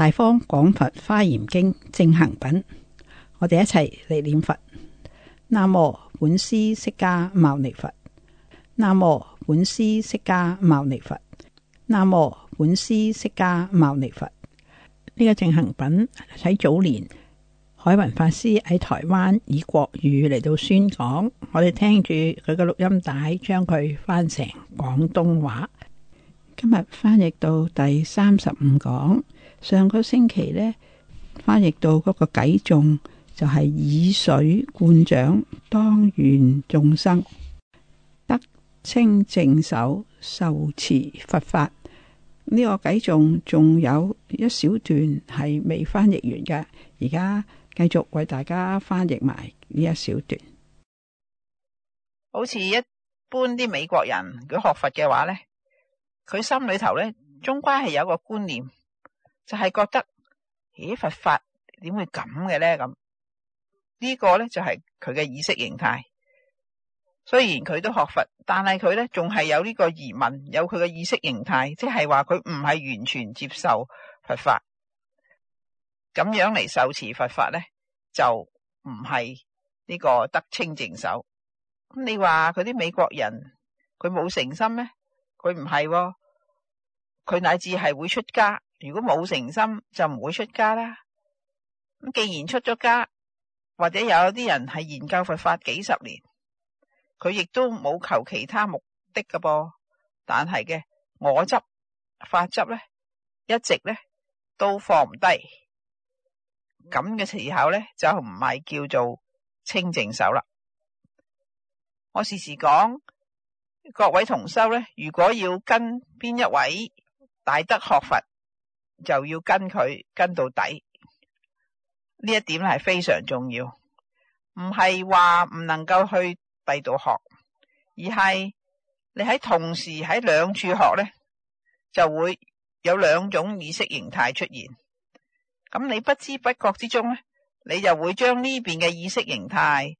大方廣佛花嚴經正行品，我哋一齊嚟念佛。南無本師釋迦牟尼佛。南無本師釋迦牟尼佛。南無本師釋迦牟尼佛。呢個正行品喺早年海雲法師喺台灣以國語嚟到宣講，我哋聽住佢嘅錄音帶，將佢翻成廣東話。今日翻譯到第三十五講。上個星期呢，翻譯到嗰個偈頌，就係以水盥掌，當願眾生，得清淨手，受持佛法。呢、這個偈頌仲有一小段係未翻譯完嘅，而家繼續為大家翻譯埋呢一小段。好似一般啲美國人，如果學佛嘅話，呢佢心裏頭呢，終歸係有個觀念。就係覺得，咦，佛法點會咁嘅咧？咁、這個、呢個咧就係佢嘅意識形態。雖然佢都學佛，但係佢咧仲係有呢個疑問，有佢嘅意識形態，即係話佢唔係完全接受佛法。咁樣嚟受持佛法咧，就唔係呢個得清淨手。咁你話佢啲美國人，佢冇誠心咩？佢唔係喎，佢乃至係會出家。如果冇誠心，就唔會出家啦。咁既然出咗家，或者有啲人係研究佛法幾十年，佢亦都冇求其他目的㗎噃。但係嘅我執、法執咧，一直咧都放唔低。咁嘅時候咧，就唔係叫做清淨手啦。我時時講，各位同修咧，如果要跟邊一位大德學佛？就要跟佢跟到底，呢一點係非常重要，唔係話唔能夠去第度學，而係你喺同時喺兩處學呢，就會有兩種意識形態出現。咁你不知不覺之中呢，你就會將呢邊嘅意識形態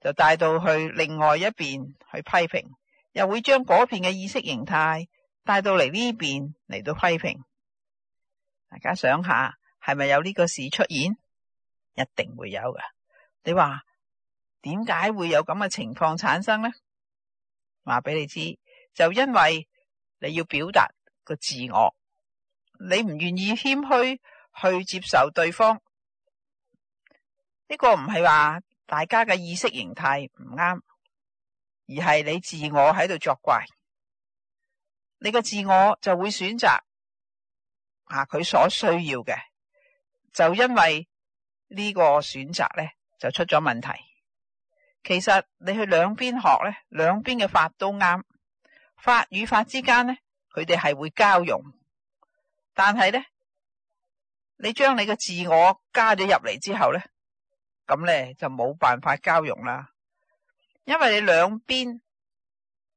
就帶到去另外一邊去批評，又會將嗰邊嘅意識形態帶到嚟呢邊嚟到批評。大家想下，係咪有呢個事出現？一定會有噶。你話點解會有咁嘅情況產生呢？話俾你知，就因為你要表達個自我，你唔願意謙虛去接受對方。呢個唔係話大家嘅意識形態唔啱，而係你自我喺度作怪。你個自我就會選擇。啊！佢所需要嘅，就因為呢個選擇咧，就出咗問題。其實你去兩邊學咧，兩邊嘅法都啱，法與法之間咧，佢哋係會交融。但係咧，你將你嘅自我加咗入嚟之後咧，咁咧就冇辦法交融啦。因為你兩邊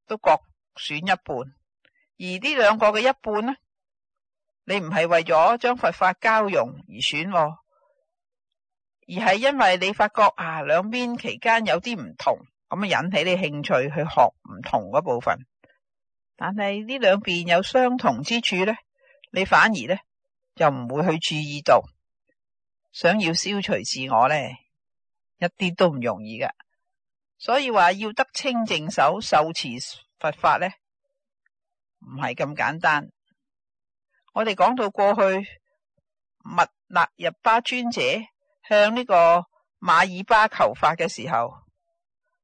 都各選一半，而呢兩個嘅一半咧。你唔係為咗將佛法交融而選啊，而係因為你發覺啊兩邊期間有啲唔同，咁啊引起你興趣去學唔同嗰部分。但係呢兩邊有相同之處呢，你反而呢，又唔會去注意到。想要消除自我呢，一啲都唔容易噶。所以話要得清淨手受持佛法呢，唔係咁簡單。我哋講到過去密勒日巴尊者向呢個馬爾巴求法嘅時候，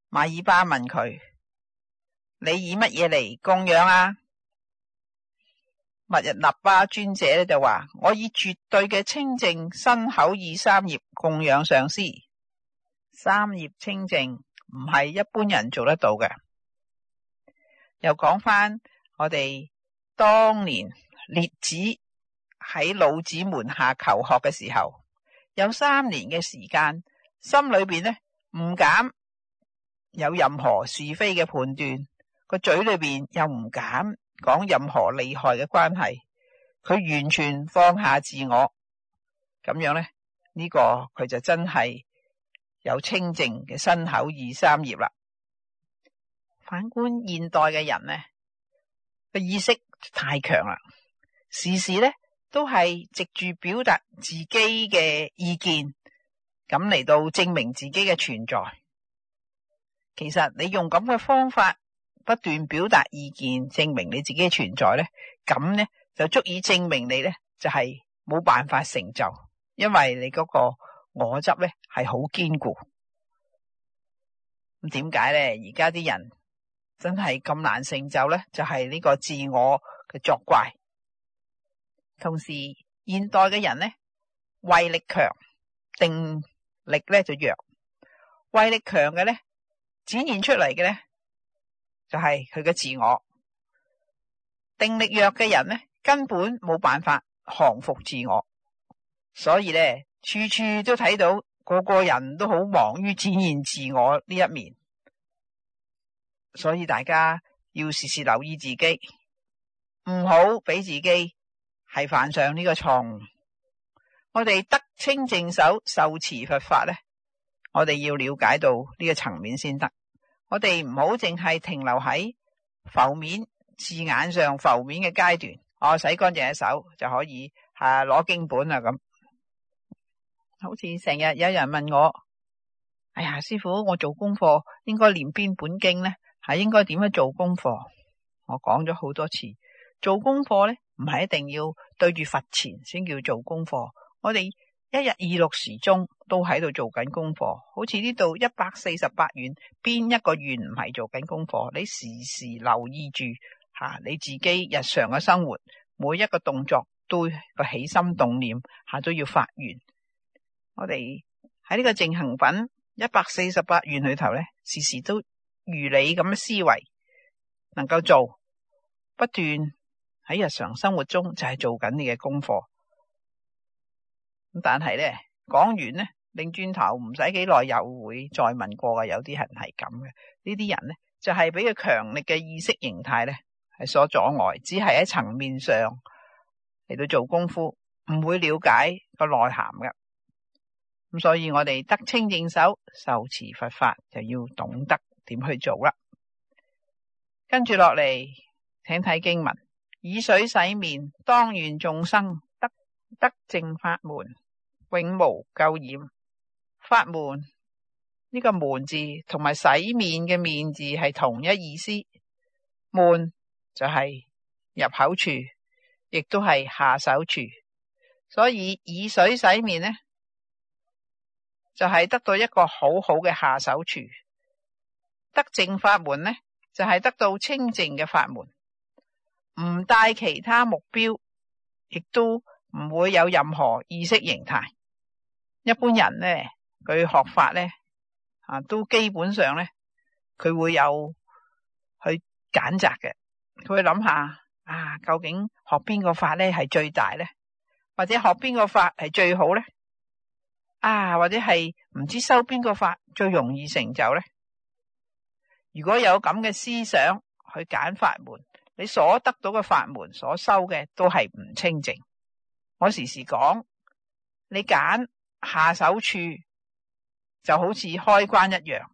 馬爾巴問佢：你以乜嘢嚟供養啊？密勒日巴尊者咧就話：我以絕對嘅清淨、身口意三業供養上師。三業清淨唔係一般人做得到嘅。又講翻我哋當年。列子喺老子門下求學嘅時候，有三年嘅時間，心裏邊呢唔敢有任何是非嘅判斷，個嘴裏邊又唔敢講任何利害嘅關係，佢完全放下自我，咁樣呢，呢、這個佢就真係有清淨嘅身口二三業啦。反觀現代嘅人呢，個意識太強啦。事事咧都係藉住表達自己嘅意見，咁嚟到證明自己嘅存在。其實你用咁嘅方法不斷表達意見，證明你自己嘅存在咧，咁咧就足以證明你咧就係冇辦法成就，因為你嗰個我執咧係好堅固。咁點解咧？而家啲人真係咁難成就咧，就係呢個自我嘅作怪。同時，現代嘅人咧，慧力強，定力咧就弱。慧力強嘅咧，展現出嚟嘅咧，就係佢嘅自我。定力弱嘅人咧，根本冇辦法降服自我，所以咧，處處都睇到個個人都好忙於展現自我呢一面。所以大家要時時留意自己，唔好俾自己係犯上呢個錯誤，我哋得清淨手受持佛法咧，我哋要了解到呢個層面先得。我哋唔好淨係停留喺浮面字眼上浮面嘅階段。我、哦、洗乾淨一手就可以吓攞、啊、經本啊咁。好似成日有人問我，哎呀，師傅，我做功課應該念邊本經咧？係、啊、應該點樣做功課？我講咗好多次。做功課咧，唔係一定要對住佛前先叫做功課。我哋一日二六時鐘都喺度做緊功課，好似呢度一百四十八願，邊一個願唔係做緊功課？你時時留意住吓，你自己日常嘅生活，每一個動作對個起心動念下都要發願。我哋喺呢個淨行品一百四十八願裏頭咧，時時都如你咁嘅思維，能夠做不斷。喺日常生活中就係做緊你嘅功課，但係咧講完呢，擰轉頭唔使幾耐又會再問過嘅，有啲人係咁嘅。呢啲人呢，就係俾個強力嘅意識形態呢，係所阻礙，只係喺層面上嚟到做功夫，唔會了解個內涵嘅。咁所以我哋得清應手受持佛法，就要懂得點去做啦。跟住落嚟，請睇經文。以水洗面，當願眾生得得正法門，永無垢染。法門呢、這個門字同埋洗面嘅面字係同一意思。門就係入口處，亦都係下手處。所以以水洗面呢，就係、是、得到一個好好嘅下手處。得正法門呢，就係、是、得到清淨嘅法門。唔帶其他目標，亦都唔會有任何意識形態。一般人呢，佢學法呢，啊，都基本上呢，佢會有去揀擇嘅。佢會諗下啊，究竟學邊個法呢係最大呢，或者學邊個法係最好呢？啊，或者係唔知修邊個法最容易成就呢？如果有咁嘅思想去揀法門。你所得到嘅法門，所收嘅都係唔清淨。我時時講，你揀下手處就好似開關一樣，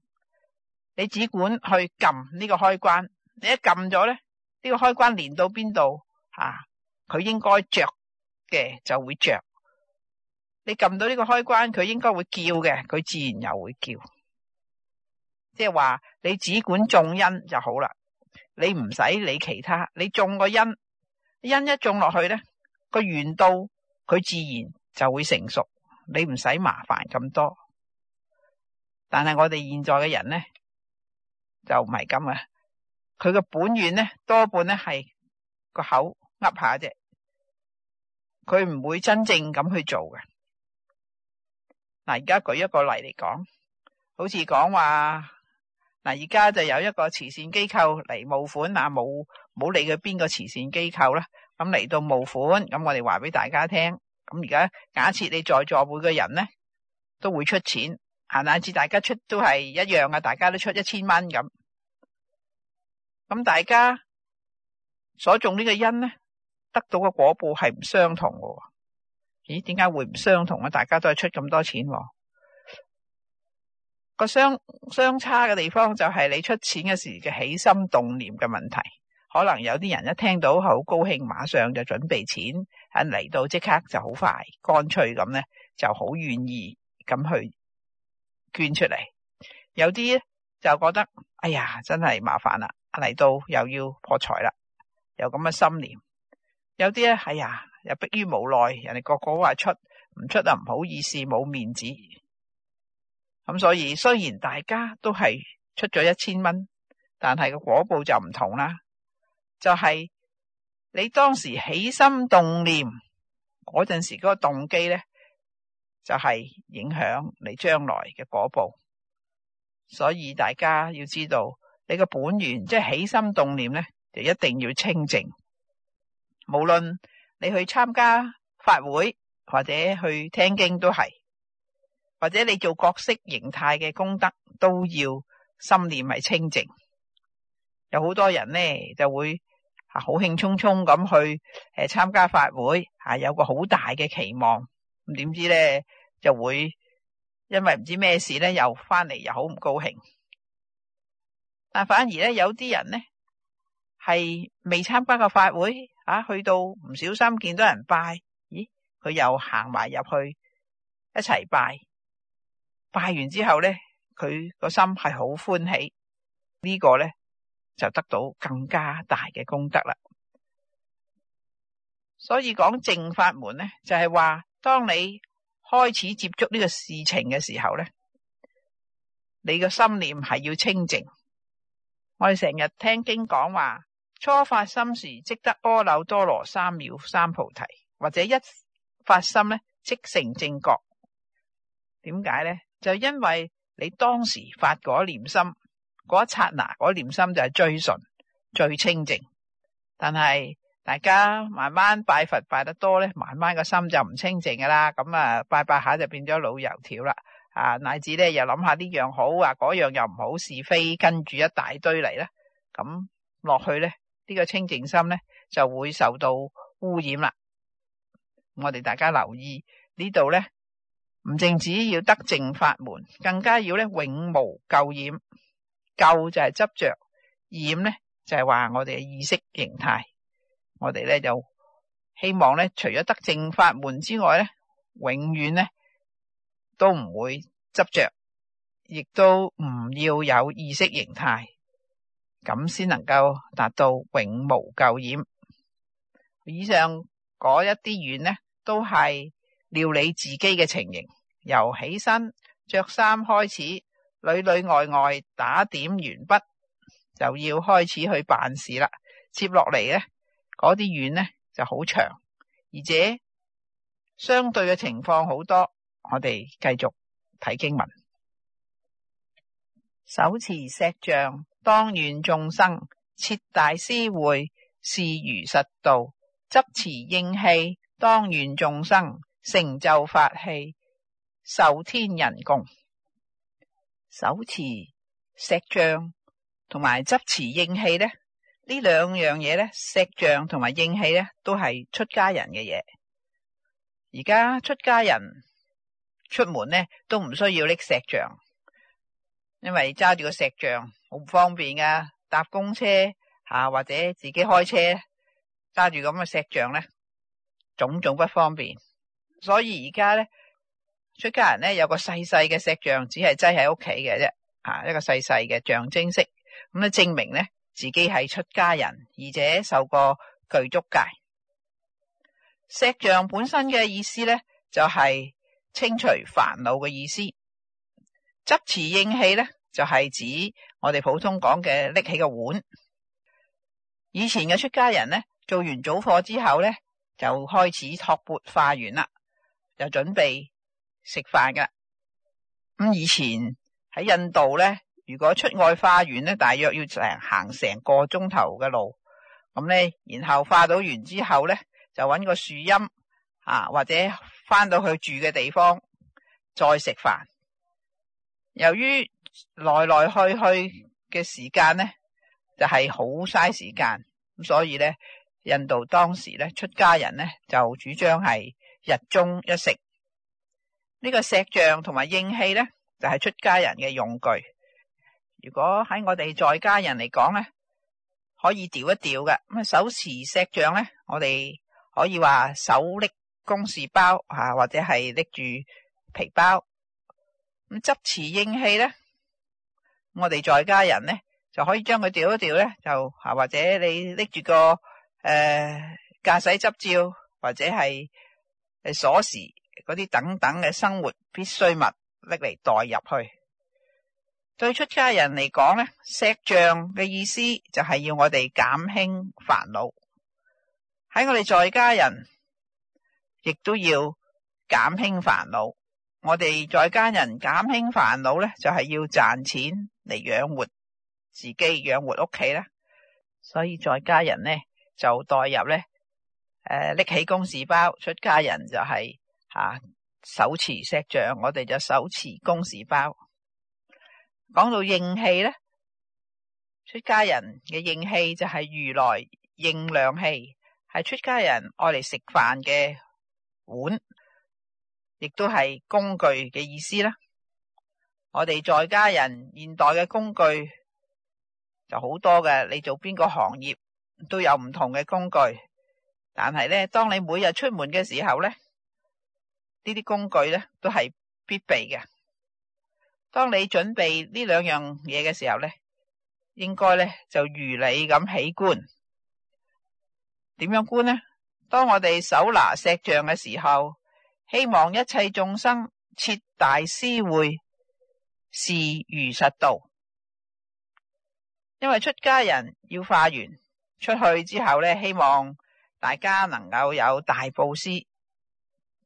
你只管去撳呢個開關，你一撳咗咧，呢個開關連到邊度啊？佢應該着嘅就會着。你撳到呢個開關，佢應該會叫嘅，佢自然又會叫。即係話，你只管種因就好啦。你唔使理其他，你種個因，因一種落去咧，個緣到佢自然就會成熟，你唔使麻煩咁多。但係我哋現在嘅人咧，就唔係咁啊。佢嘅本願咧，多半咧係個口噏下啫，佢唔會真正咁去做嘅。嗱，而家舉一個例嚟講，好似講話。嗱，而家就有一個慈善機構嚟募款，嗱，冇冇理佢邊個慈善機構啦，咁嚟到募款，咁我哋話俾大家聽，咁而家假設你在座每個人咧都會出錢，啊，假設大家出都係一樣啊，大家都出一千蚊咁，咁大家所種呢個因咧，得到嘅果報係唔相同嘅，咦？點解會唔相同啊？大家都係出咁多錢。個相相差嘅地方就係你出錢嘅時嘅起心動念嘅問題，可能有啲人一聽到好高興，馬上就準備錢，啊，嚟到即刻就好快乾脆咁呢就好願意咁去捐出嚟。有啲就覺得，哎呀，真係麻煩啦，嚟到又要破財啦，有咁嘅心念。有啲咧，哎呀，又迫於無奈，人哋個個話出，唔出啊唔好意思，冇面子。咁所以雖然大家都係出咗一千蚊，但係個果報就唔同啦。就係、是、你當時起心動念嗰陣時嗰個動機呢，就係、是、影響你將來嘅果報。所以大家要知道，你個本源即係、就是、起心動念呢，就一定要清淨。無論你去參加法會或者去聽經都係。或者你做角色形態嘅功德都要心念係清淨，有好多人呢，就會啊好興沖沖咁去誒參加法會啊，有個好大嘅期望。咁點知呢，就會因為唔知咩事呢，又翻嚟，又好唔高興。但反而呢，有啲人呢，係未參加過法會啊，去到唔小心見到人拜，咦，佢又行埋入去一齊拜。拜完之後咧，佢個心係好歡喜，這個、呢個咧就得到更加大嘅功德啦。所以講正法門咧，就係、是、話，當你開始接觸呢個事情嘅時候咧，你個心念係要清淨。我哋成日聽經講話，初發心時即得阿耨多羅三藐三菩提，或者一發心咧即成正覺。點解咧？就因為你當時發嗰念心，嗰一剎那嗰念心就係最純、最清淨。但係大家慢慢拜佛拜得多咧，慢慢個心就唔清淨噶啦。咁啊，拜拜下就變咗老油條啦。啊，乃至咧又諗下呢樣好，呀嗰樣又唔好，是非跟住一大堆嚟啦。咁落去咧，呢個清淨心咧就會受到污染啦。我哋大家留意呢度咧。唔淨止要得正法門，更加要咧永無垢染。垢就係執着，染咧就係、是、話我哋嘅意識形態。我哋咧就希望咧，除咗得正法門之外咧，永遠咧都唔會執着，亦都唔要有意識形態，咁先能夠達到永無垢染。以上嗰一啲語呢都係。料理自己嘅情形，由起身、着衫開始，裏裏外外打點完畢，就要開始去辦事啦。接落嚟呢嗰啲願呢，就好長，而且相對嘅情況好多。我哋繼續睇經文，手持錫杖當願眾生，設大施會，示如實道，執持應器，當願眾生。成就法器，受天人供，手持錫杖同埋執持應器咧，呢兩樣嘢咧，錫杖同埋應器咧，都係出家人嘅嘢。而家出家人出門咧，都唔需要搦錫杖，因為揸住個錫杖好唔方便噶、啊，搭公車吓、啊、或者自己開車揸住咁嘅錫杖，咧，種種不方便。所以而家咧，出家人咧，有個細細嘅石像，只係擠喺屋企嘅啫，啊，一個細細嘅象徵式，咁咧證明咧自己係出家人，而且受過具足戒。石像本身嘅意思咧，就係清除煩惱嘅意思。執持應器咧，就係指我哋普通講嘅拎起個碗。以前嘅出家人咧，做完早課之後咧，就開始托缽化緣啦。就準備食飯噶。咁以前喺印度咧，如果出外化緣咧，大約要成行成個鐘頭嘅路咁咧，然後化到完之後咧，就揾個樹蔭啊，或者翻到去住嘅地方再食飯。由於來來去去嘅時間咧，就係好嘥時間咁，所以咧印度當時咧出家人咧就主張係。日中一食，呢、這個錫杖同埋應器咧，就係、是、出家人嘅用具。如果喺我哋在家人嚟講咧，可以調一調嘅。咁啊，手持錫杖咧，我哋可以話手拎公事包吓、啊，或者係拎住皮包。咁、啊、執持應器咧，我哋在家人咧就可以將佢調一調咧，就吓、啊、或者你拎住個誒駕駛執照，或者係。係鎖匙嗰啲等等嘅生活必需物，拎嚟代入去。對出家人嚟講呢，石像嘅意思就係要我哋減輕煩惱。喺我哋在家人，亦都要減輕煩惱。我哋在家人減輕煩惱呢，就係要賺錢嚟養活自己，養活屋企啦。所以在家人呢，就代入呢。誒、拎、啊、起公事包，出家人就係、是、吓、啊、手持錫杖，我哋就手持公事包。講到應器呢，出家人嘅應器就係如來應量器，係出家人愛嚟食飯嘅碗，亦都係工具嘅意思啦。我哋在家人現代嘅工具就好多嘅，你做邊個行業都有唔同嘅工具。但係咧，當你每日出門嘅時候咧，呢啲工具咧都係必備嘅。當你準備呢兩樣嘢嘅時候咧，應該咧就如理咁起觀。點樣觀呢？當我哋手拿石像嘅時候，希望一切眾生設大施會，示如實道。因為出家人要化緣，出去之後咧，希望。大家能夠有大佈施，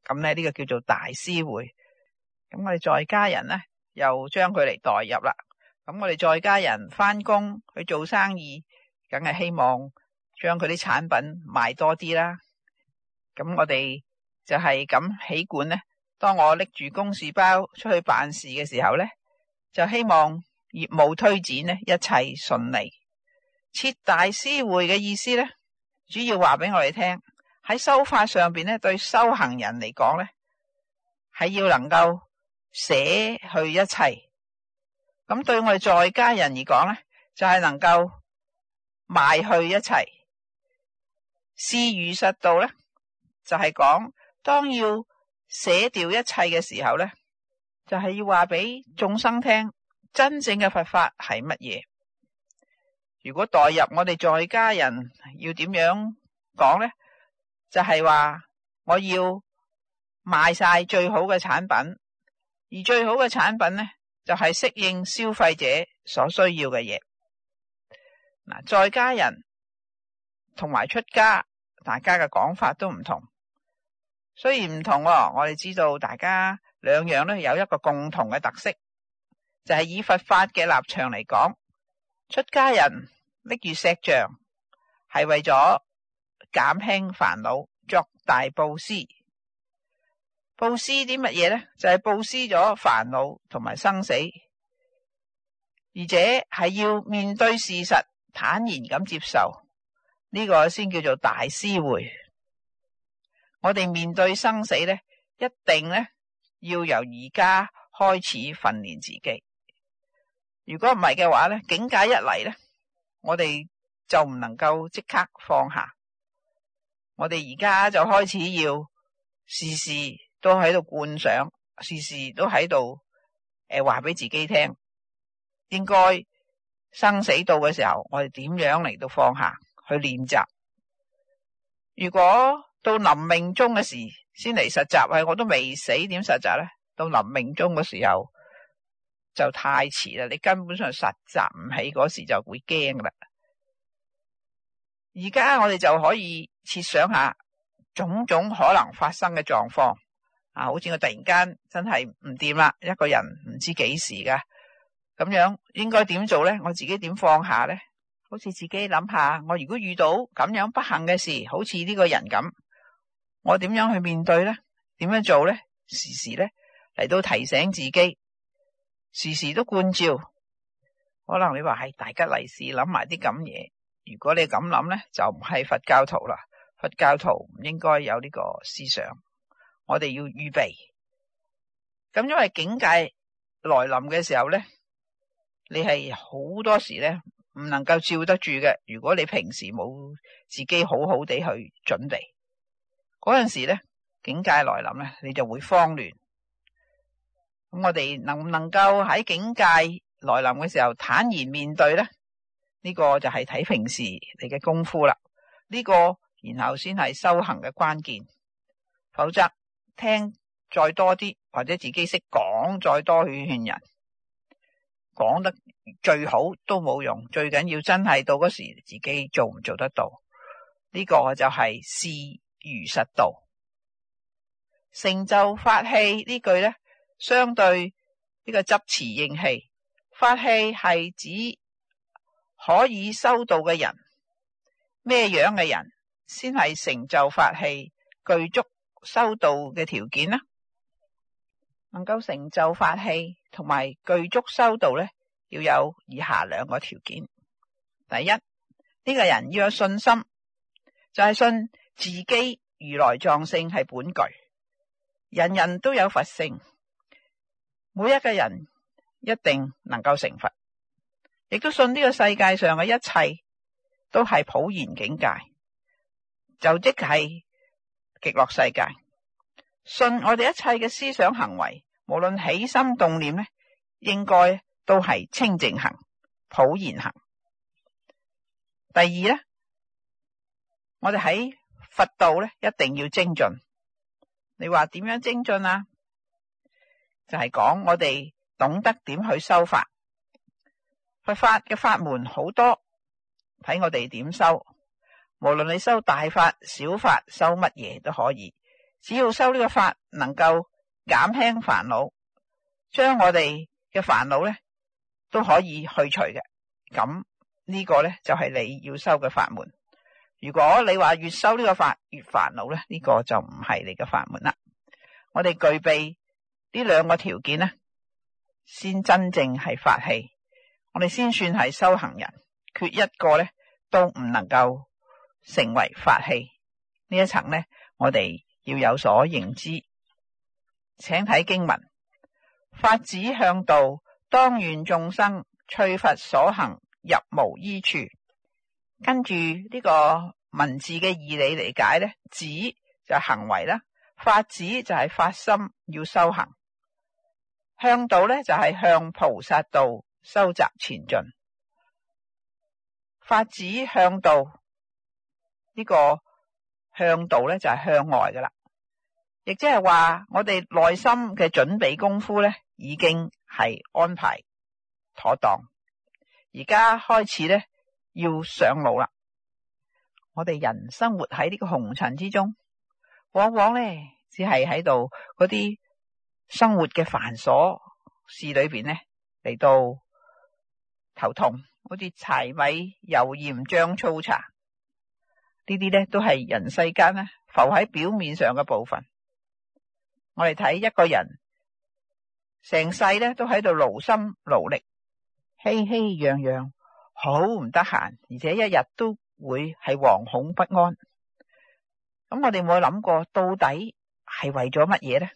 咁咧呢個叫做大師會。咁我哋在家人呢，又將佢嚟代入啦。咁我哋在家人返工去做生意，梗係希望將佢啲產品賣多啲啦。咁我哋就係咁起管呢。當我拎住公事包出去辦事嘅時候呢，就希望業務推展咧一切順利。設大師會嘅意思呢。主要話俾我哋聽，喺修法上邊咧，對修行人嚟講咧，係要能夠捨去一切；咁對我哋在家人嚟講咧，就係、是、能夠賣去一切。思與實道咧，就係、是、講當要捨掉一切嘅時候咧，就係、是、要話俾眾生聽，真正嘅佛法係乜嘢。如果代入我哋在家人要點樣講呢？就係話我要賣晒最好嘅產品，而最好嘅產品呢，就係適應消費者所需要嘅嘢。嗱，在家人同埋出家，大家嘅講法都唔同。雖然唔同，我哋知道大家兩樣咧有一個共同嘅特色，就係以佛法嘅立場嚟講，出家人，拎住石像，係為咗減輕煩惱，作大布施。布施啲乜嘢咧？就係、是、布施咗煩惱同埋生死，而且係要面對事實，坦然咁接受呢、這個先叫做大施會。我哋面對生死咧，一定咧要由而家開始訓練自己。如果唔係嘅話咧，境界一嚟咧。我哋就唔能夠即刻放下，我哋而家就開始要，時時都喺度觀想，時時都喺度誒話俾自己聽，應該生死到嘅時候，我哋點樣嚟到放下去練習？如果到臨命終嘅時先嚟實習，係我都未死，點實習咧？到臨命終嘅時候。就太遲啦！你根本上實習唔起嗰時就會驚噶啦。而家我哋就可以設想下種種可能發生嘅狀況啊，好似我突然間真係唔掂啦，一個人唔知幾時噶咁樣，應該點做呢？我自己點放下呢？好似自己諗下，我如果遇到咁樣不幸嘅事，好似呢個人咁，我點樣去面對呢？點樣做呢？時時呢嚟到提醒自己。時時都觀照，可能你話係大吉利是諗埋啲咁嘢，如果你咁諗咧，就唔係佛教徒啦。佛教徒唔應該有呢個思想，我哋要預備。咁因為境界來臨嘅時候咧，你係好多時咧唔能夠照得住嘅。如果你平時冇自己好好地去準備，嗰陣時咧，境界來臨咧，你就會慌亂。咁我哋能唔能夠喺境界來臨嘅時候坦然面對呢？呢、這個就係睇平時你嘅功夫啦。呢、這個然後先係修行嘅關鍵，否則聽再多啲或者自己識講再多勸人，講得最好都冇用。最緊要真係到嗰時自己做唔做得到？呢、這個就係事如實道，成就法器呢句呢。相對呢、這個執持應氣法器係指可以修道嘅人，咩樣嘅人先係成就法器具足修道嘅條件呢？能夠成就法器同埋具足修道呢，要有以下兩個條件：第一，呢、這個人要有信心，就係、是、信自己如來藏性係本具，人人都有佛性。每一個人一定能夠成佛，亦都信呢個世界上嘅一切都係普賢境界，就即係極樂世界。信我哋一切嘅思想行為，無論起心動念咧，應該都係清淨行、普賢行。第二咧，我哋喺佛道咧一定要精進。你話點樣精進啊？就係講我哋懂得點去修法，佛法嘅法門好多，睇我哋點修。無論你修大法、小法，修乜嘢都可以，只要修呢個法能夠減輕煩惱，將我哋嘅煩惱咧都可以去除嘅。咁呢個咧就係你要修嘅法門。如果你話越修呢個法越煩惱咧，呢個就唔係你嘅法門啦。我哋具備，呢兩個條件咧，先真正係法器，我哋先算係修行人。缺一個咧，都唔能夠成為法器。呢一層咧，我哋要有所認知。請睇經文：發趾向道，當願眾生，趣佛所行，入無依處。跟住呢個文字嘅義理理解呢「趾」就係行為啦，發趾就係發心要修行。向道咧就係向菩薩道修集前進，法子向道呢、這個向道咧就係向外噶啦，亦即係話我哋內心嘅準備功夫咧已經係安排妥當，而家開始咧要上路啦。我哋人生活喺呢個紅塵之中，往往咧只係喺度嗰啲。生活嘅繁瑣事裏邊呢，嚟到頭痛，好似柴米油鹽醬醋茶呢啲咧，都係人世間咧浮喺表面上嘅部分。我哋睇一個人成世咧都喺度勞心勞力，熙熙攘攘，好唔得閒，而且一日都會係惶恐不安。咁我哋有冇諗過，到底係為咗乜嘢咧？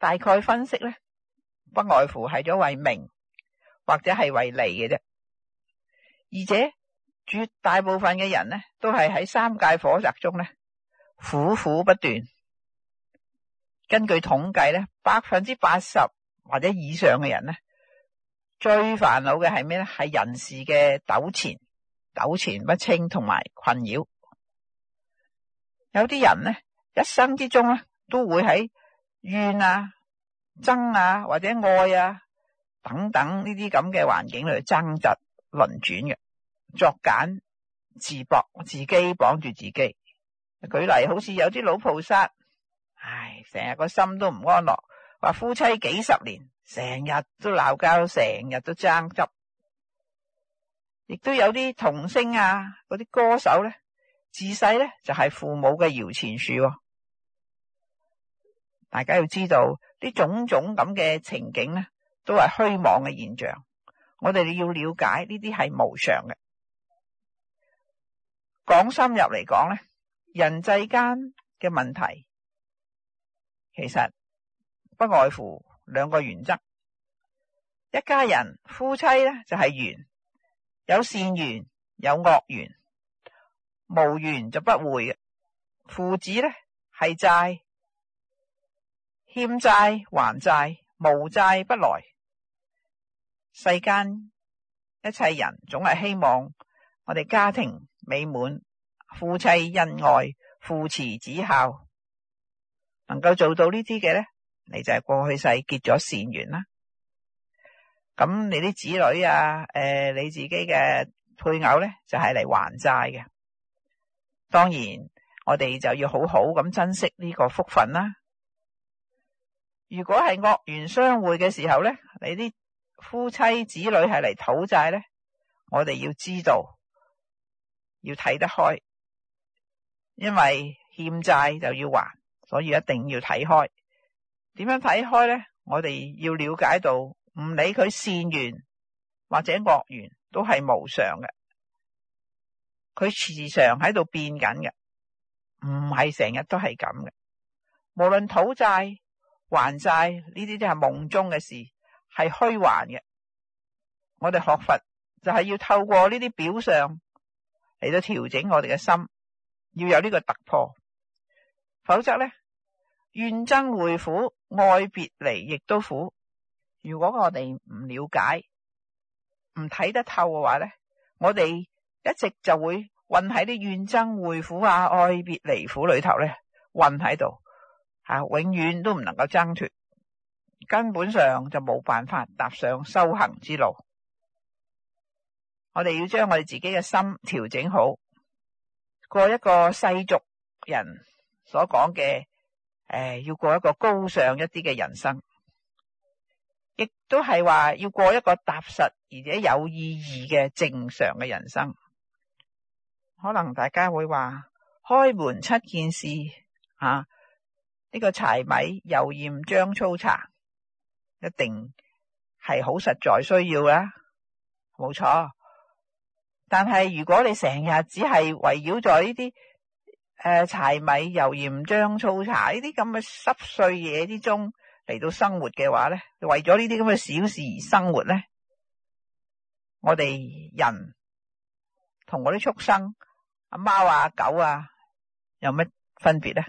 大概分析咧，不外乎係咗為名或者係為利嘅啫。而且絕大部分嘅人呢，都係喺三界火宅中咧，苦苦不斷。根據統計咧，百分之八十或者以上嘅人呢，最煩惱嘅係咩咧？係人事嘅糾纏、糾纏不清同埋困擾。有啲人呢，一生之中咧，都會喺怨啊、憎啊或者愛啊等等呢啲咁嘅環境嚟去爭執輪轉嘅作繭自縛，自己綁住自己。舉例，好似有啲老菩薩，唉，成日個心都唔安樂，話夫妻幾十年，成日都鬧交，成日都爭執。亦都有啲童星啊，嗰啲歌手咧，自細咧就係父母嘅搖錢樹。大家要知道，呢種種咁嘅情景呢，都係虛妄嘅現象。我哋要了解呢啲係無常嘅。講深入嚟講咧，人際間嘅問題，其實不外乎兩個原則：一家人夫妻咧就係緣，有善緣有惡緣，無緣就不會。父子咧係債。欠債還債，無債不來。世間一切人總係希望我哋家庭美滿，夫妻恩愛，父慈子孝，能夠做到呢啲嘅呢，你就係過去世結咗善緣啦。咁你啲子女啊，誒、呃、你自己嘅配偶呢，就係、是、嚟還債嘅。當然，我哋就要好好咁珍惜呢個福分啦。如果係惡緣相會嘅時候咧，你啲夫妻子女係嚟討債咧，我哋要知道，要睇得開，因為欠債就要還，所以一定要睇開。點樣睇開咧？我哋要了解到，唔理佢善緣或者惡緣，都係無常嘅，佢時常喺度變緊嘅，唔係成日都係咁嘅。無論討債。還晒呢啲都係夢中嘅事，係虛幻嘅。我哋學佛就係要透過呢啲表象嚟到調整我哋嘅心，要有呢個突破。否則咧，怨憎會苦，愛別離亦都苦。如果我哋唔了解、唔睇得透嘅話咧，我哋一直就會混喺啲怨憎會苦啊、愛別離苦裏頭咧，混喺度。啊！永遠都唔能夠掙脫，根本上就冇辦法踏上修行之路。我哋要將我哋自己嘅心調整好，過一個世俗人所講嘅，誒、呃，要過一個高尚一啲嘅人生，亦都係話要過一個踏實而且有意義嘅正常嘅人生。可能大家會話開門七件事啊。呢個柴米油鹽醬醋茶，一定係好實在需要啦，冇錯。但係如果你成日只係圍繞咗呢啲誒、柴米油鹽醬醋茶呢啲咁嘅濕碎嘢之中嚟到生活嘅話咧，為咗呢啲咁嘅小事而生活咧，我哋人同我啲畜生阿貓啊狗啊有乜分別咧？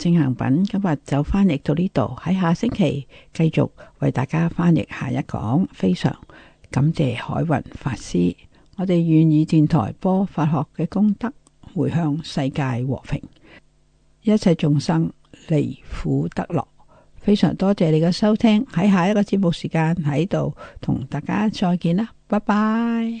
正行品今日就翻譯到呢度，喺下星期繼續為大家翻譯下一講。非常感謝海雲法師，我哋願意電台播法學嘅功德，回向世界和平，一切眾生離苦得樂。非常多謝你嘅收聽，喺下一個節目時間喺度同大家再見啦，拜拜。